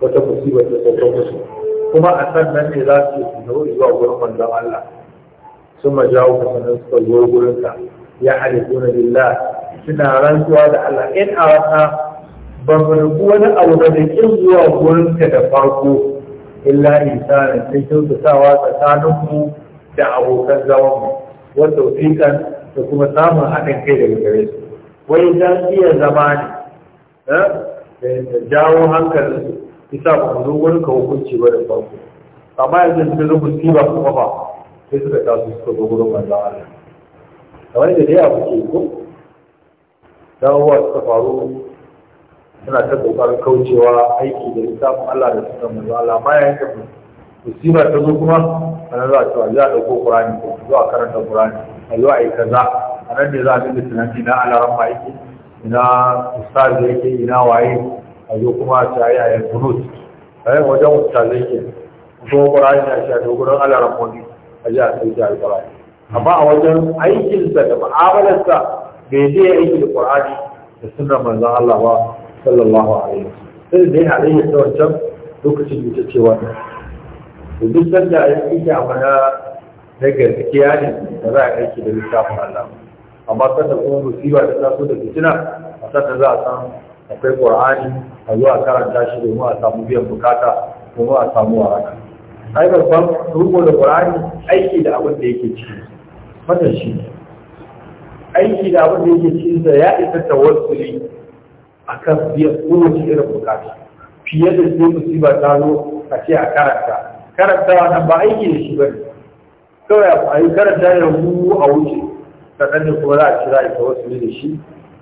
وتمصيبة تزور مصيبة كما من إذا تزور إذا أقول من الله ثم جاءوا فسنسك الزور يحلفون لله suna rantsuwa da Allah a wata ba mu wani abu ba da kin zuwa gurinka da farko illa insana sai kyautatawa tsakaninku da abokan zaman mu wanda fikan da kuma samun haɗin kai daga gare su wai dan iya zama ne eh, da jawo hankalin su isa ba mu hukunci ba da farko amma yanzu suka zo musiba kuma ba sai suka taso suka zo gurin manzon Allah kamar yadda dai abu ke ko dan uwa suka faru suna ta kokarin kaucewa aiki da lissafin Allah da suka manzo Allah ma yayin da musiba ta zo kuma a nan za a cewa za a ɗauko ƙur'ani ko zuwa karanta Qur'ani a zuwa yi kaza a nan ne za a dinga tunani na alaran ma aiki ina ustaz yake ina waye a zo kuma a cewa yaya bunut a yin wajen ustaz yake ko Qur'ani ya shafi gurin alaran mu a ji a yi ƙur'ani." amma a wajen aikinsa da ma'amalarsa bai zai aiki da qur'ani da suna manzan Allah ba sallallahu alaihi sai da ya hada ya ta wancan lokacin da ta ce wata da duk da ya a mana na gaskiya ne da za a aiki da littafin Allah amma kada kuma musiba ta taso da fitina a sanda za a san akwai qur'ani a zuwa karanta shi domin a samu biyan bukata domin a samu waraka ai babban rubo da qur'ani aiki da abin da yake ciki fatan shi aiki da abin da yake cikin sa ya isa tawassuli akan biyan kowace irin bukata fiye da sai musiba ta zo a ce a karanta karanta wannan ba aiki da shi ba ne kawai a yi karanta ya hu a wuce sannan ne kuma za a kira wasu tawassuli da shi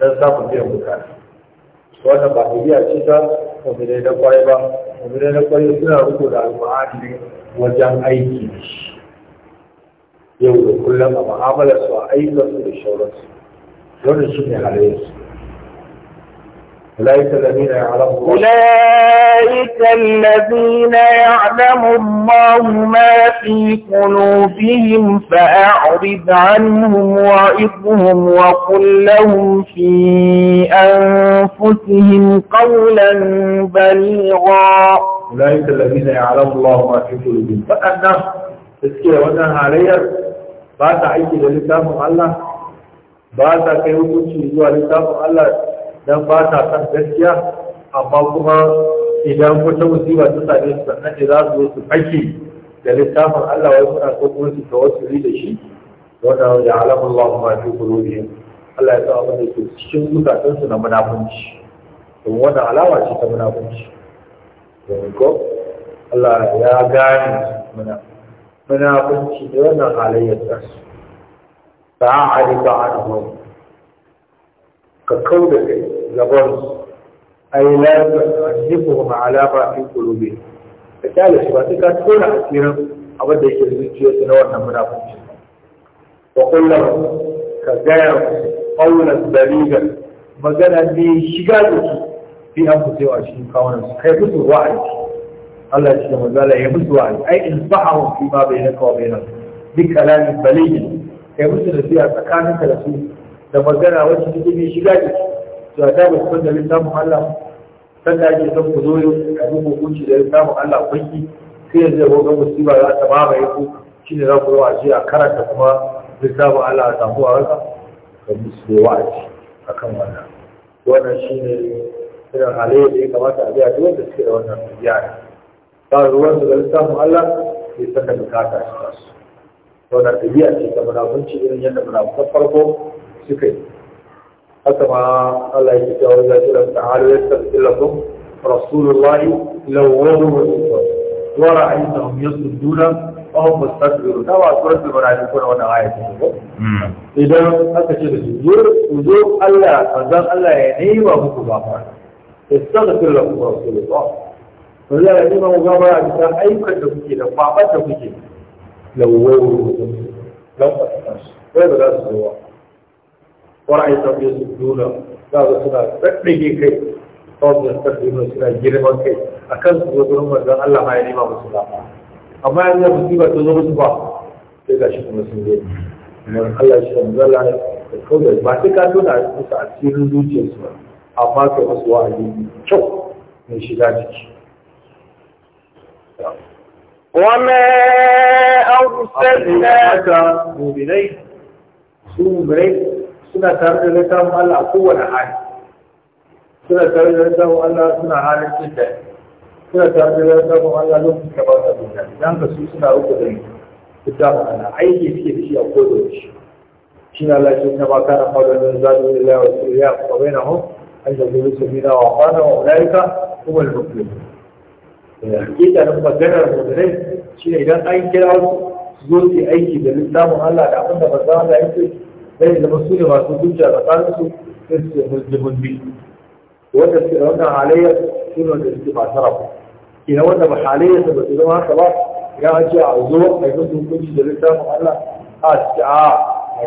don samun biyan bukatu wannan ba tafiya ce ta mummune na kwarai ba mummune na kwarai suna rubuta da alfahari wajen aiki da shi يقول كلما kullum a ma'amalar su a ayyukansu da عليه wannan أولئك الذين يعلم الله أولئك الذين يعلم الله ما في قلوبهم فأعرض عنهم وعظهم وقل لهم في أنفسهم قولا بليغا أولئك الذين يعلم الله ما في قلوبهم فأنا تسكير ونها عليها ba ta aiki da littafin Allah ba ta kai hukunci zuwa littafin Allah don ba ta san gaskiya amma kuma idan wata musiba ta same su sannan ne za su zo su aiki da littafin Allah wai kuna so kuma su tawassuli da shi wanda ya alamu Allah ma fi qulubihim Allah ya sa abin da ke cikin zukatansu na munafunci domin wannan alama ce ta munafunci domin ko Allah ya gane mana منافق شدون علي الناس فأعرف عنهم كقولك لبرز أي لا تعذبهم على ما في قلوبهم فتالي شباتي كانت تقول حكيرهم أبدا يشتري تنورنا منافق وقل لهم كذير قولا بليغا مجانا بشيكاتك في أنفسي وعشرين كونس حيث الوعي Allah shi zala ya musu wa ai in sa'ahu fi ma bainaka wa bainahum bi kalamin baligh kai musu da siya tsakaninka da su da magana wacce take mai shiga jiki to a da mutum da samu Allah sanda ake son ku zo a duk hukunci da samu Allah kwanki sai yanzu ya gogon musiba za ta mamaye ku shi ne za ku zo a je a karanta kuma samu Allah a samu a rasa ka musu da wa'azi a kan wannan wannan shi ne irin halayyar da ya kamata a biya duk wanda suke da wannan biyar. ba ruwan su da littafin Allah bai saka bukata shi ba su to da ce ta munafunci irin yadda munafukan farko suka yi haka ma Allah ya ce wa zai ran ta'ala ya tabbata lakum rasulullahi law wadu wa ra'aytahum yasudduna أهم مستقبلون هو سورة المنافقون وانا آية إذا أنت شيء وجوه وجوه الله فزان الله يعني وهو كبار استغفر لكم رسول الله wallahi ya nima mu gaba a bisa aikin da kuke da kwabar da kuke lawai wurin don kwatanta su wai ba za su zo ba wani aikin da su nuna za su suna tsaddage kai kawai da tsaddage suna girman kai a kan su zo gurin manzon Allah ma ya nima musu gaba amma yanzu musiba ta zo musu ba sai ga shi kuma sun zo kamar Allah shi yanzu Allah ya kauda ba sai ka tona musu asirin zuciyarsu ba amma kai musu wa'azi kyau mai shiga jiki وما أرسلناك مبنيه سوء مبنيه سنة ترد لكم ألا قوة حالي سنة ترد لكم ألا سنة حالي سنة سنة ترد لكم ألا لكم كبارك بنا نعم بس سنة أقول لكم كتاب أنا عيد في شيء أقول لكم لا شيء ما كان قبل أن ينزل إلى الله وسيرياء وبينهم أن يقولوا سبيلا وعقانا وأولئك هم المفلحون Eh, hakika na maganar mu'minai shine idan an kira su zo su aiki da littafin Allah da abin da manzon Allah ya ce sai da su ne masu hujja tsakanin su sai su bi wanda suke da wannan halayya su ne wanda suke ina wanda ba halayya su ba su zama haka ba ya ce a zo a yi musu da littafin Allah a ce a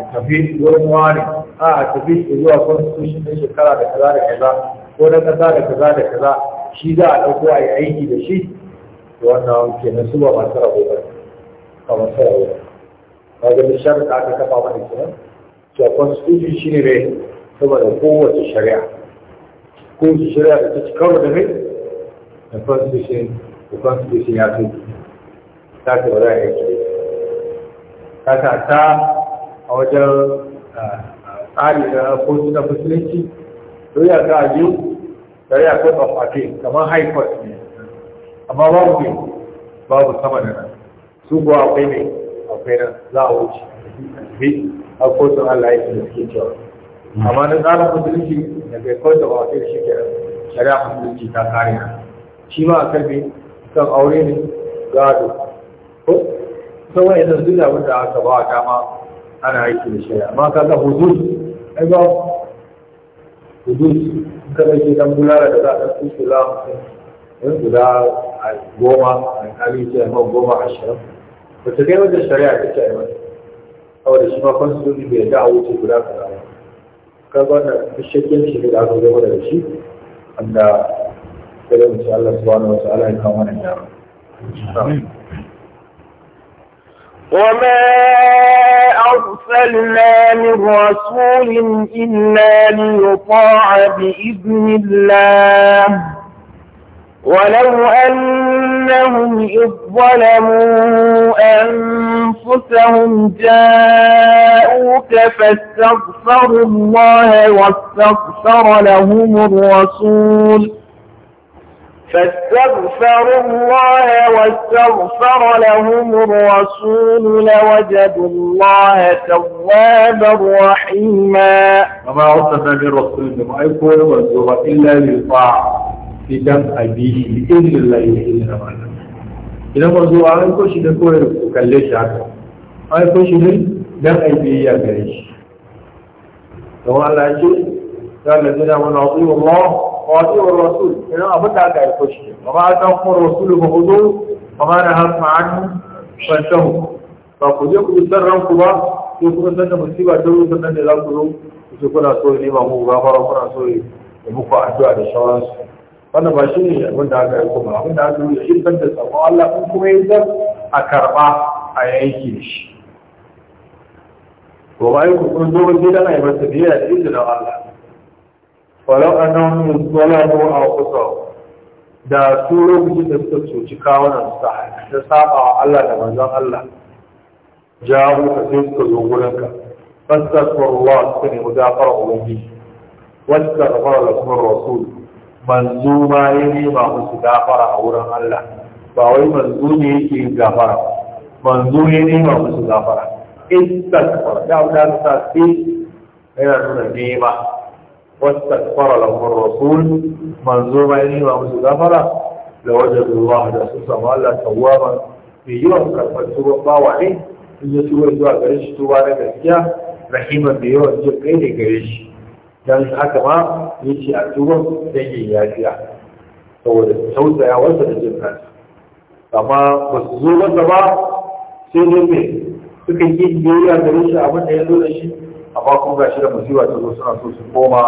a tafi wurin wani a tafi zuwa constitution na shekara da kaza da kaza ko na kaza da kaza da kaza shi za a ɗauko a yi aiki da shi wannan kenan su ba masu rabu ba a masu rabu ba ba ga da aka kafa mana kenan cewa constitution shi ne mai saboda kowace shari'a kowace shari'a da ta ci karo da mai da constitution da constitution ya fi ta ce ba za a yi aiki ta ta ta a wajen ah, ah, tsari na kotu na musulunci to ya ga yi shari'a court of appeal kamar high court ne amma babu ne babu sama da nan su kuwa akwai ne akwai nan za a wuce bi a kotun Allah ya da suke cewa amma na tsarin musulunci daga court of appeal shi ke shari'a musulunci ta kare nan shi ma a karfe kan aure ne gado ko sama idan duk abin da aka ba dama ana aiki da shari'a amma kaga hudud ai ba hudud kada ke dan bulara da za a ɗauki a goma a ce goma ashirin ba ta kai wajen shari'a ta ce a shi ma bai yadda a wuce guda ka ba da shi da aka zama da shi wanda kada mu ci Allah ya kama mana gyara Amin. أرسلنا من رسول إلا ليطاع بإذن الله ولو أنهم إذ ظلموا أنفسهم جاءوك فاستغفروا الله واستغفر لهم الرسول فاستغفروا الله واستغفر لهم الرسول لوجدوا الله توابا رحيما وما أرسلنا من رسول بما يكون منزورا إلا ليطاع بدم أبيه بإذن الله إلا أمانه إذا منزورا أن يكون شيء نقول وكلش عنه أن يكون شيء دم أبيه يا كريش سواء الله يجب قال الذين آمنوا أطيعوا الله وأطيعوا الرسول إنما أبدا أكا ba وما أتاكم الرسول فخذوه وما نهاكم عنه فانتهوا فخذوكم بسرهم كبا يكون سنة مصيبة تلو سنة لا تلو يكون أسوي لما kuna غافر ne أسوي muku addu'a da shawararsu wannan ba shi ne da aka yi abin da aka yi shi da tsawon Allah in kuma yi a karɓa a yanki da shi bayan ku kun zo yi masa da izinin Allah walau annahum a kusa da su lokacin da suka cuci kawunan su ta saba wa Allah da manzan Allah jawo ka sai suka zo gurin ka kwarwa suka nemi gafara ubangiji da kuma rasul manzo ma ya nema musu gafara a wurin Allah ba wai manzo ne yake gafara manzo ya nema musu gafara ya da Allah ta sai yana nuna nema واستغفر لهم الرسول منظوم عيني وامس غفر لوجد الله ده سبحانه الله توابا في يوم ne? باوعي in ya tuwa zuwa gare shi tuwa na gaskiya rahima da yawan jin kai ne gare shi don haka ma ya ce a tuban don yin yafiya saboda tausayawarsa da jin kansa amma ba su zo wanda ba sai dai me suka yi shi ya shi amma kuma ga shi da musiba ta zo suna so su koma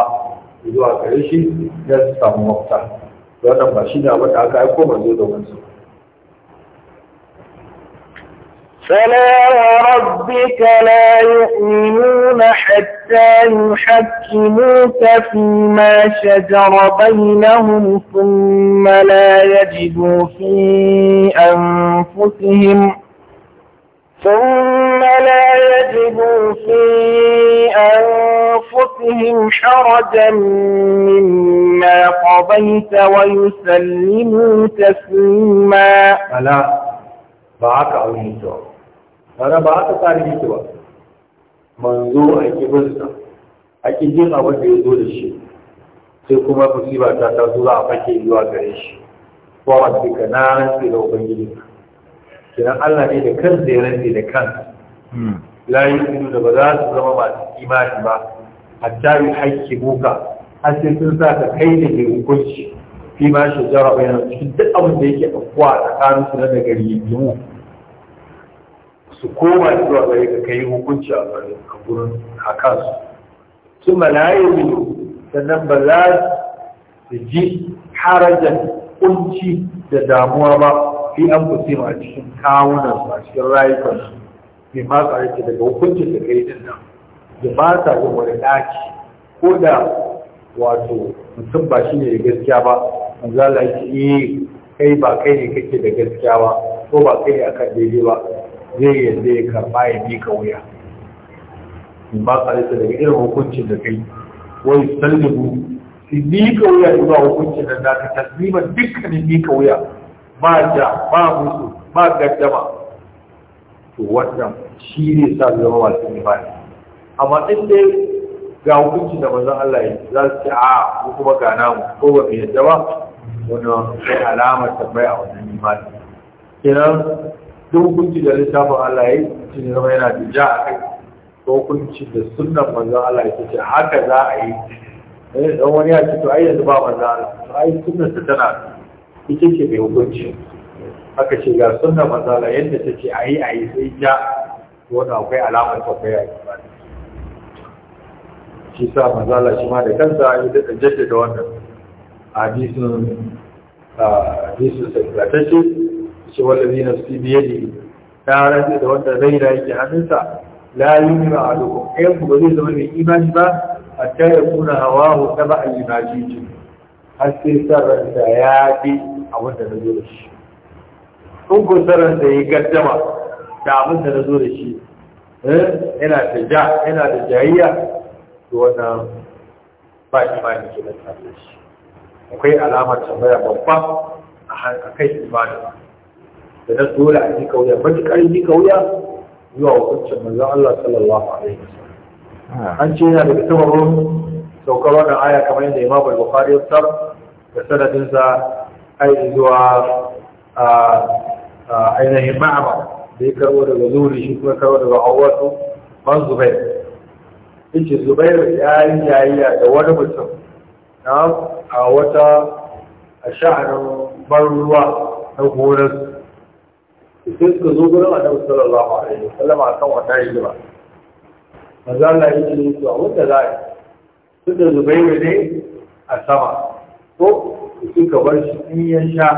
zuwa gare shi ya su samu mafita wannan ba shi ne abin da aka aiko manzo domin su فلا وربك لا يؤمنون حتى يحكموك فيما شجر بينهم ثم لا يجدوا في أنفسهم ثم لا يجدوا في أنفسهم حرجا مما قضيت ويسلموا تسليما ألا باك أو نيتوا أنا باك تاريخوا منذ أكي أكيدين أول بيزول الشيء sai kuma musiba ta taso za a fake zuwa gare shi wa rabbika na rantsi da ubangiji idan Allah ne da kansa ya rantse da kan, hmm. la su da ba za su zama masu imani ba hatta yi haƙƙi buka har sai sun sa ka kai da ke hukunci fi ma shi jara bayan cikin duk abin da yake afkuwa a tsakanin su na daga rigimu su koma zuwa gare ka kai hukunci a gare ka gurin hakan su su malayu sannan ba za su ji harajan kunci da damuwa ba fi an fusim a cikin kawunan su a cikin rayuwar su ba ma tsare ke daga hukuncin da kai din nan da ba ta yin wani ɗaki ko da wato mutum ba shi ne da gaskiya ba an zala yake yi eh, kai ba kai ne kake da gaskiya ba ko ba kai ne aka daidai ba zai yi yanzu ya karɓa ya ka wuya in ba tsare ke daga irin hukuncin da kai wai sallibu su mika wuya zuwa hukuncin da ka tasliman dukkanin mika wuya ba ja ba musu ba gaddama to wannan shi ne sa su zama masu imani amma in dai ga hukunci da manzon Allah ya za su ce a ko kuma ga namu ko ba biyar yadda ba wani sai alamar tabbai a wannan imani kenan duk hukunci da littafin Allah ya yi shi ne zama yana da ja a kai ko hukunci da sunan manzon Allah ya ce haka za a yi eh, dan wani ya ce to ai yanzu ba manzon Allah to ai sunan ta tana ita ce mai hukunci aka ce ga sunna matsala, yadda ta ce a yi a yi sai ja wanda akwai alamar tafiya a shi sa matsala shi ma da kansa a yi daɗa jaddada wannan a jisun sakratacce shi wallazi zina su biye ne ta rantsa da wanda da yake hannunsa la yi ba a lokacin ɗayan ku ba zai zama mai imani ba a tare kuna hawa ko taba a yi haske sai ya fi abin da na zo da shi in ku sarranta ya gaddama da abin da na zo da shi eh, yana da ja yana da jayayya to wannan ba imani ke da tare shi akwai alamar tambaya babba a kai imani da na dole a ji kauya mafi karfi kauya zuwa hukuncin manzon Allah sallallahu alaihi wasallam ah. an ce yana da sababin saukar wannan aya kamar yadda Imam Bukhari ya fitar da sanadin sa ai zuwa a ainihin ma'amar da ya karo daga zuri shi kuma karo daga hawatu ban zubair ce zubair ya yi yayya da wani mutum na a wata a sha'anin ban ruwa na gonar sai suka zo gurin a nan sallallahu alaihi wasallam a kan wata rigima manzo Allah ya ce to a wanda za a yi duk da zubairu ne a sama ko suka bar shi in ya sha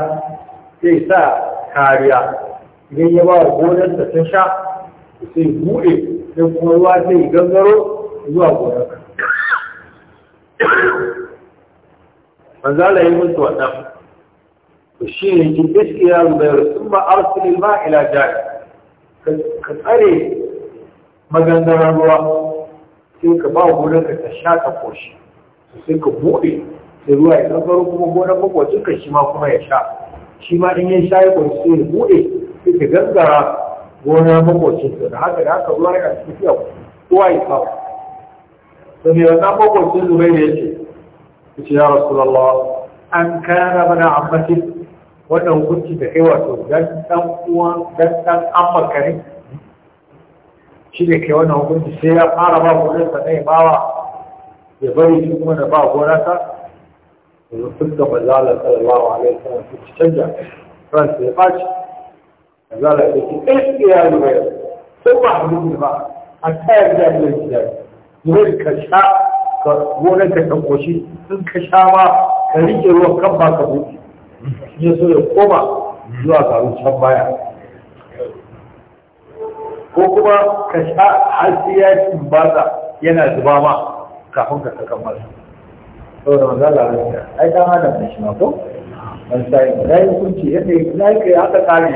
sai sa kariya idan ya ba gonarsa ta sha sai buɗe sai kuma ruwa sai gangaro zuwa an zala yi mutu wannan ku shi ne ki gaskiya zubair sun ba arsulil ma ila jari ka tsare magandaran ruwa sai ka ba gonar ka ta sha ka koshi sai ka buɗe sai ruwa ya gangaro kuma gonar makwacin ka shi ma kuma ya sha shi ma in yin sha ya sai ya buɗe sai ka gangara gonar makwacin ka da haka da haka ruwa ya tafiya kowa ya samu sai mai wannan makwacin zubai da yake ce ya lallawa an kana mana ammatin wannan hukunci da kai wato dan dan uwan dan dan amma kare shi ne ke wani hukunci sai ya fara ba gonar sa yi bawa ya bari shi kuma da ba gonar sa da fuskar mazalar sallallahu alaihi wasallam su ci canja ran sai ya faci mazalar da ke ɗaya su ya yi wayar sun ba a duk ba a tsayar da ya yi da yi ka sha ka gonar ka ta koshi sun ka sha ma ka riƙe ruwan kan ba ka buɗe ya so ya koma zuwa garin can baya ko kuma ka sha har sai ya batsa yana zuba ma kafin ka saka masa saboda manzo Allah ya ai dan adam ne shi ma ko an sai dai hukunci yadda ya kai haka kare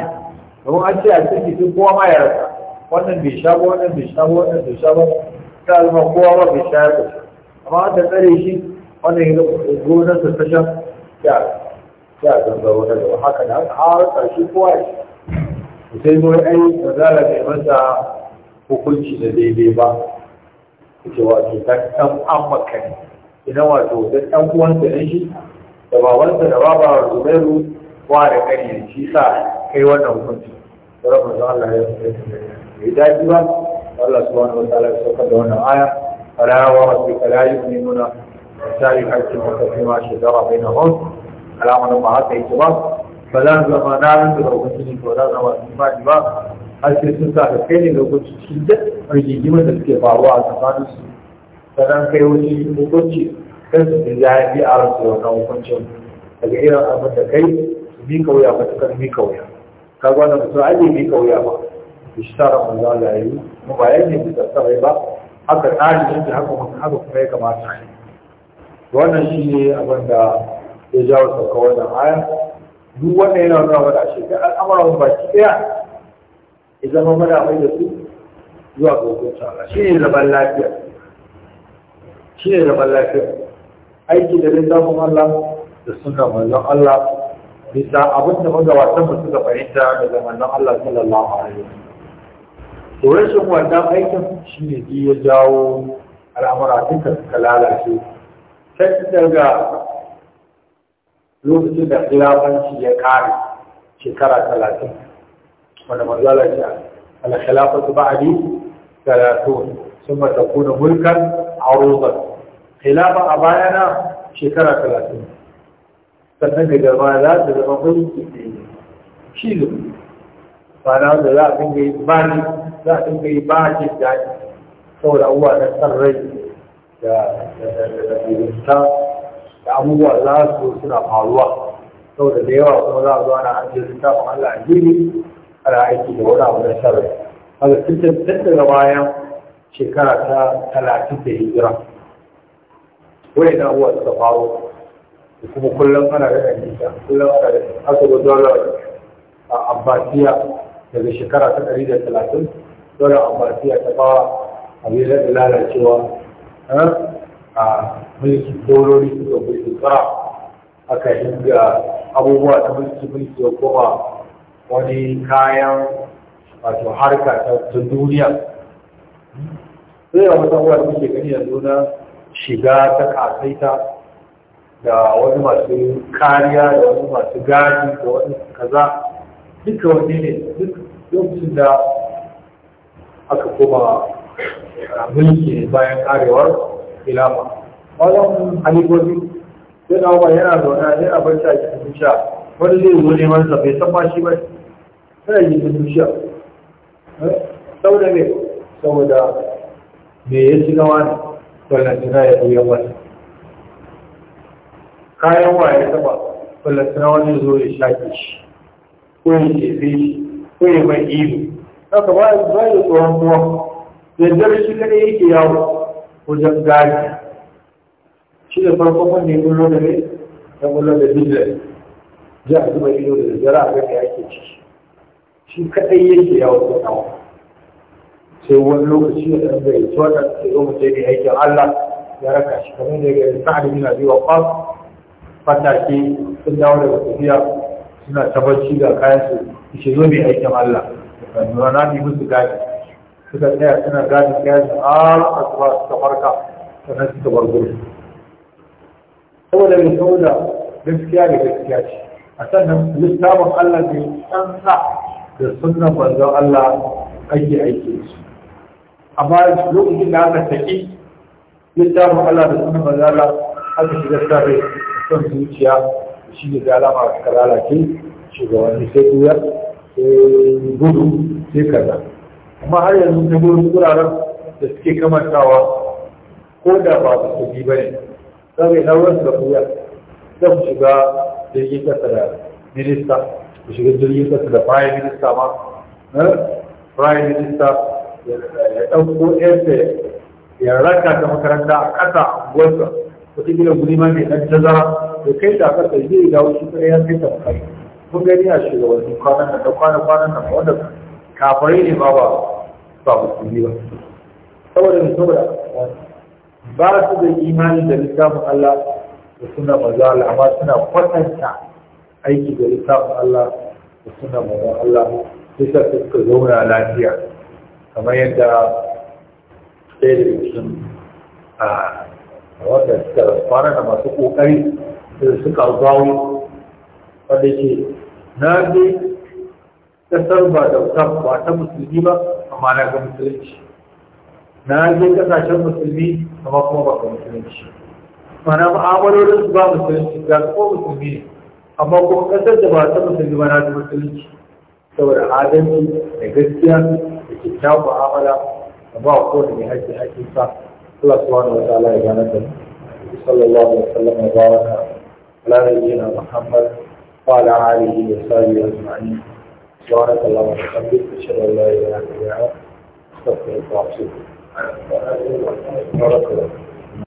domin an ce a cikin duk kowa ma ya rasa wannan bai sha ba wannan bai sha ba wannan bai sha ba ta alma kowa ma bai sha ba amma da tsare shi wannan ya gonar sa ta sha ya ya zanga wani da haka da har karshe kowa ya sai zo ai ba za a kai masa hukunci da daidai ba ita wato ta kan an makani ina wato da ɗan uwansa na shi da babansa da baba zubairu wa da kare shi sa kai wannan hukunci da rabu da Allah ya yi daji ba Allah subhanahu wa ta'ala ya saukar da wannan aya fala wa rabbika la yu'minuna hatta yuhaqqimuka bai shajara bainahum alamana ba haka yake ba ba za su zama na rinka da ubangiji ba za su zama su fadi ba har sai sun sa ka kai ne ga hukunci shi duk rigigimar da suke faruwa a tsakanin su sannan kai wani hukunci kan su ya yi a ransu da wannan hukuncin daga irin abin da kai su bi kauya matukar bi kauya ka gwada mutum aje bi kauya ba da shi tara mun za a yi mu ba yan ne da sarai ba haka tsari shi haka haka kuma ya kamata wannan shi ne abin da ya jawo sauka wannan aya duk wanda yana nuna wani a shekar al'amuran baki ɗaya ya zama mana mai da su zuwa ga hukuncin Allah shi ne zaman lafiya shi ne zaman lafiya aiki da littafin Allah da sunan manzon Allah bisa abin da magabatan mu suka fahimta daga manzon Allah sallallahu alaihi wasallam to rashin wannan aikin shi ne ya jawo al'amura duka suka lalace sai daga lokacin da filafanci ya kare shekara talatin wanda manzala ce ala talatin sun mata kuna mulkan aruzan khilafa a bayana shekara talatin sannan da gaba za ta zama mulki shi ne ba na wanda za a dinga yi ne za a dinga yi ba jin daɗi saboda abubuwa na san rai da da da da abubuwa za su suna faruwa saboda da yawa kuma za a zo na an jirgin kuma Allah a jini ana aiki da wani abu na sharri haka tun daga bayan shekara ta talatin da hijira wani na uwa suka faru da kuma kullum ana da nisa kullum ana da aka ga dolar abbasiya daga shekara ta ɗari da talatin dolar abbasiya ta ba a da lalacewa mulki daurori suka mulki tsara aka shiga abubuwa ta mulki mulki ya koma wani kayan wato harka ta duniya sai da wata uwa muke gani yanzu na shiga ta kasaita da wani masu kariya da wani masu gadi da wani kaza duka wani ne duk lokacin da aka koma mulki bayan karewar ilama ƙwallon halibobi sai na wa yana zaune ne a bar shi a cikin sha wani zai zo neman sa bai san ba shi ba sai yi cikin sha saboda me saboda me ya shiga wani ballantina ya buya wani kayan wa ya taba ballantina wani zo ya shaƙe shi ko ya jefe shi ko ya mai ido haka ba ya tsohon kuma yadda shi kaɗai yake yawo wajen gaji كده فرقوا من يقول له ده ايه؟ يقول له ده بدلة جاء ثم يقول له زراعة بك يا كيش شو كأيش يا وضع نوع سيوان لوك سيوان لوك سيوان لوك سيوان لوك سيوان لوك يا ركا شكرا لك سعد بن أبي وقاص فتاكي سنة ولا بسيطية سنة تفجي لك كايسو يشيزون بي أيكم الله فنوراناتي مستقاني فتاكي سنة قادم كايسو آل أكبر تفركة فنسي تبرقون saboda mai da gaskiya da gaskiya ce a sannan littafin Allah ne san sa da sunan banzan Allah ake aiki su amma lokacin da aka taƙi littafin Allah da sunan banzan Allah aka shiga sa a son zuciya shi ne da alama ka lalace shugabanni sai duya sai gudu sai kaza amma har yanzu ta gudu wuraren da suke kamantawa ko da ba su bi ba ne saboda na ruwan da kuya zan shiga jirgin kasa da minista ku shiga jirgin kasa da prime minister ma eh? prime minister ya ɗauko ɗansa ya raka ta makaranta a ƙasa a unguwarsa wata gina guri ma mai ɗan tazara da kai da ƙasa zai dawo shi kare ya kai ta makaranta kun gani a shugabanni kwanan nan da kwanan kwanan nan wanda kafare ne ba ba ba musulmi ba saboda mai saboda ba su da imani da littafin Allah da suna maza amma suna kwatanta aiki da littafin Allah da suna maza Allah bisa suka zauna lafiya kamar yadda ɗaya da cikin a wanda suka fara da masu ƙoƙari da suka zawo wanda ke na je ƙasar ba da ba ta musulmi ba amma na ga musulunci na je kasashen musulmi amma kuma ba ka musulunci mana ma'amalolinsu ba musulunci ga kuma musulmi ne amma kuma kasar da ba ta musulmi ba na ta musulunci saboda adalci da gaskiya da kyakkyawar mu'amala da ba kowane mai haƙƙi haƙƙinsa Allah subhanahu wa ta'ala ya gane da صلى الله وسلم وبارك على نبينا محمد وعلى آله وصحبه أجمعين سبحانك اللهم وبحمدك أشهد أن لا إله إلا أنت أستغفرك وأتوب إليك Thank you.